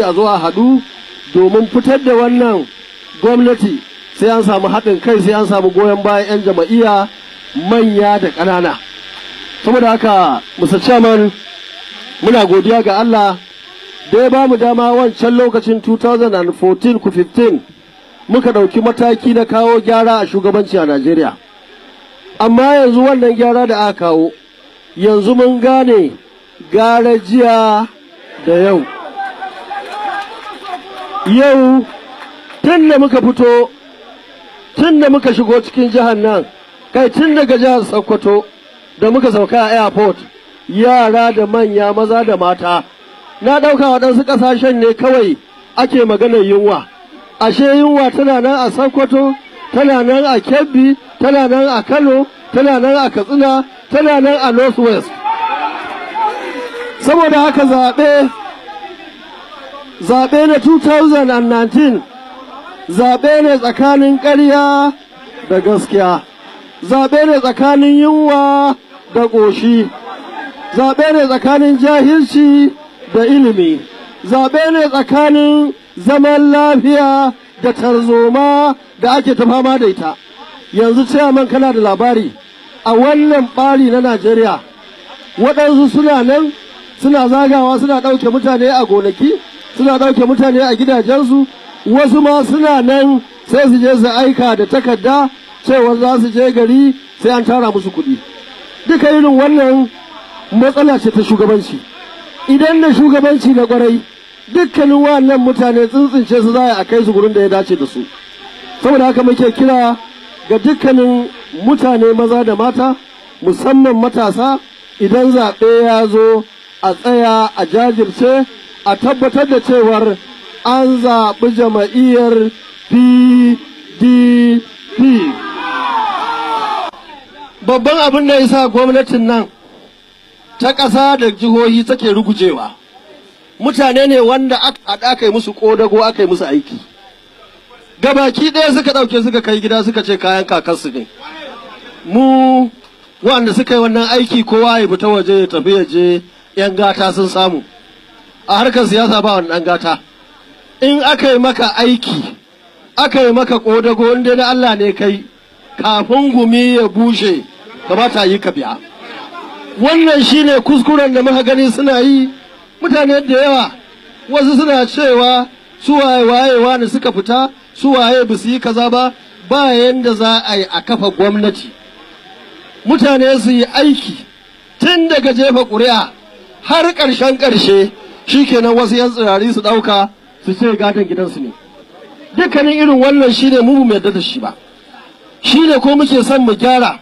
a zo a haɗu domin fitar da wannan gwamnati sai an samu haɗin kai sai an samu goyon bayan 'yan jama'iya manya da ƙanana saboda haka musa chairman muna godiya ga Allah da ya ba mu dama wancan lokacin 2014 ku 15 muka ɗauki mataki na kawo gyara a shugabanci a Najeriya amma yanzu wannan gyara da aka kawo yanzu mun gane gara jiya da yau yau tun da muka fito tun da muka shigo cikin jihar nan kai tun daga jihar sokoto da muka sauka a airport yara da manya maza da mata na ɗauka waɗansu ƙasashen ne kawai ake maganar yunwa ashe yunwa tana nan a sokoto tana nan a kebbi tana nan a kano tana nan a katsina tana nan a northwest saboda haka zaɓe zaɓe na 2019 zaɓe ne tsakanin ƙarya da gaskiya zaɓe ne tsakanin yunwa da ƙoshi zaɓe ne tsakanin jahilci da ilimi zaɓe ne tsakanin zaman lafiya da tarzoma da ake ta fama da ita yanzu ciyaman kana da labari a wannan ɓari na najeriya waɗansu suna nan suna zagawa suna ɗauke mutane a gonaki suna ɗauke mutane a gidajensu wasu ma suna nan sai su je su aika da takarda cewa za su je gari sai an tara musu kuɗi duka irin wannan matsala ce ta shugabanci idan na shugabanci na kwarai dukkanin wannan mutane tsintsince su za a kai su gurin da ya dace da su saboda haka muke kira ga dukkanin mutane maza da mata musamman matasa idan zaɓe ya zo a tsaya a jajirce a tabbatar da cewar an zaɓi jama'iyyar pdp babban abin da ya sa gwamnatin nan ta ƙasa da jihohi take rugujewa mutane ne wanda aka yi musu ƙodago aka yi musu aiki gabaki ɗaya suka ɗauke suka kai gida suka ce kayan kakarsu ne mu wanda suka yi wannan aiki kowa ya fita waje ya tafi ya je 'yan gata sun samu a harkar siyasa ba wannan gata in aka yi maka aiki aka yi maka ƙodago inda na Allah ne kai kafin gumi ya bushe kamata yi ka biya wannan shine kuskuren da muka gani suna yi mutane da yawa wasu suna cewa su waye waye wani suka fita su waye ba su yi kaza ba ba yanda za a yi a kafa gwamnati mutane su yi aiki tun daga jefa ƙuri'a har ƙarshen ƙarshe shi kenan wasu yan tsirari su ɗauka su ce gadon gidansu ne dukkanin irin wannan shine mu mu yarda da shi ba shi ne ko muke son mu gyara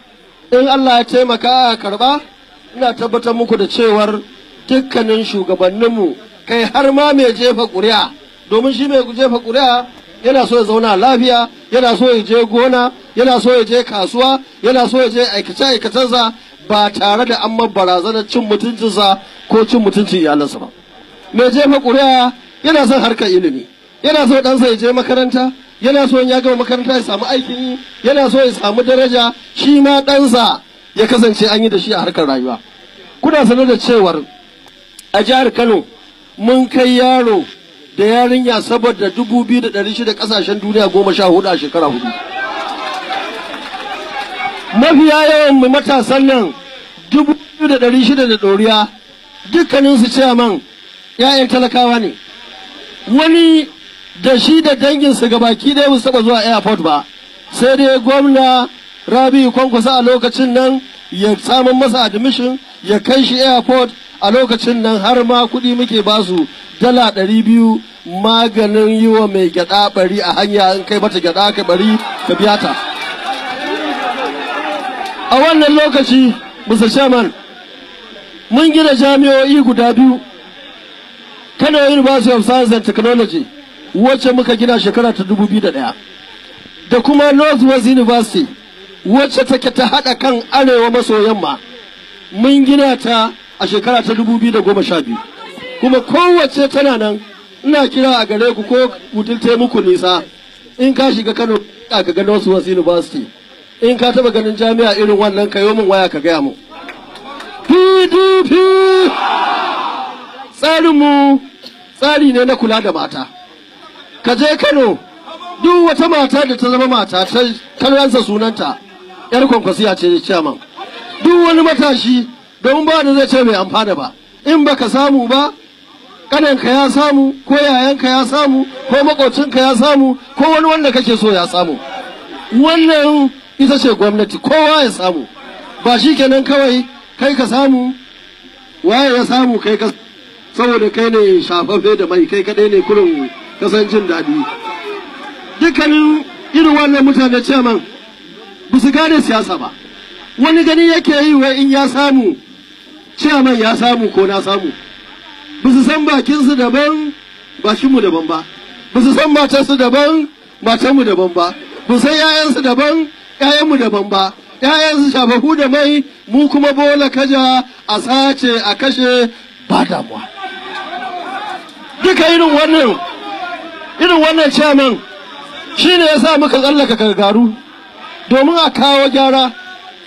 in Allah ya taimaka a karba ina tabbatar muku da cewar dukkanin shugabanninmu kai har ma mai jefa ƙuri'a domin shi mai jefa ƙuri'a yana so ya zauna lafiya yana so ya je gona yana so ya je kasuwa yana so ya je aikace aikacensa ba tare da an barazanar cin mutuncinsa ko cin mutuncin iyalansa ba mai jefa ƙuri'a yana son harkar ilimi yana so ɗansa ya je makaranta yana so ya gama makaranta ya samu aikin yi yana so ya samu daraja shi ma ɗansa ya kasance an yi da shi a harkar rayuwa kuna sanar da cewar a jihar kano mun kai yaro da yarinya saboda dubu biyu da ɗari shida ƙasashen duniya goma sha hudu a shekara hudu mafiya yawan matasan nan dubu biyu da ɗari shida da ɗoriya dukkaninsu cewa man 'ya'yan talakawa ne wani da shi da danginsa ga baki ɗaya su taɓa zuwa airport ba sai dai gwamna rabi kwankwasa a lokacin nan ya samun masa admission ya kai shi airport a lokacin nan har ma kuɗi muke basu dala ɗari biyu maganin yi wa mai gyaɗa bari a hanya in kai mata gyaɗa ka bari ka biya ta a wannan lokaci musa shaman mun gina jami'o'i guda biyu Kano University of Science and Technology wacce muka gina shekara ta 2001 da kuma Northwest University wacce take ta haɗa kan arewa maso yamma mun gina ta a shekara ta 2012 kuma kowace tana nan ina kira a gare ku ko mutunta muku nisa in ka shiga Kano ka ga Northwest University in ka taba ganin jami'a irin wannan ka min waya ka gaya mu PDP tsarinmu tsari ne na kula da mata ka je kano duk wata mata da ta zama mata ta kallonsa sunanta yar kwankwasiya ce chairman duk wani matashi domin ba da zai ce mai amfana ba in baka samu ba kananka ya samu ko yayanka ya samu ko makocinka ya samu ko wani wanda kake so ya samu wannan ita ce gwamnati kowa ya samu ba shi kenan kawai kai ka samu waye ya samu kai ka saboda kai ne shafaffe da mai kai kadai ne kurin kasan jin daɗi dukkanin irin wannan mutane ce man ba su gane siyasa ba wani gani yake yi wai in ya samu ciyaman ya samu ko na samu ba su san bakinsu daban ba shi mu daban ba ba su san matarsu daban mu daban ba ba san 'ya'yansu daban 'ya'yan mu daban ba ‘ya'yansu shafafu da mai mu kuma bola kaja a sace a kashe ba damuwa. duka irin wannan irin wannan chairman shi ne muka tsallaka gargaru domin a kawo gyara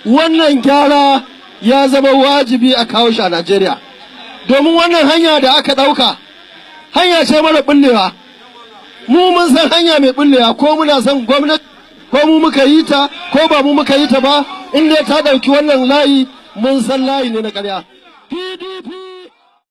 wannan gyara ya zama wajibi a kawo shi a najeriya domin wannan hanya da aka ɗauka hanya ce mara bullewa mu mun san hanya mai bullewa ko muna san gwamnati ko mu muka yi ta ko ba mu muka yi ta ba in dai ta ɗauki wannan layi mun san layi ne na ƙarya pdp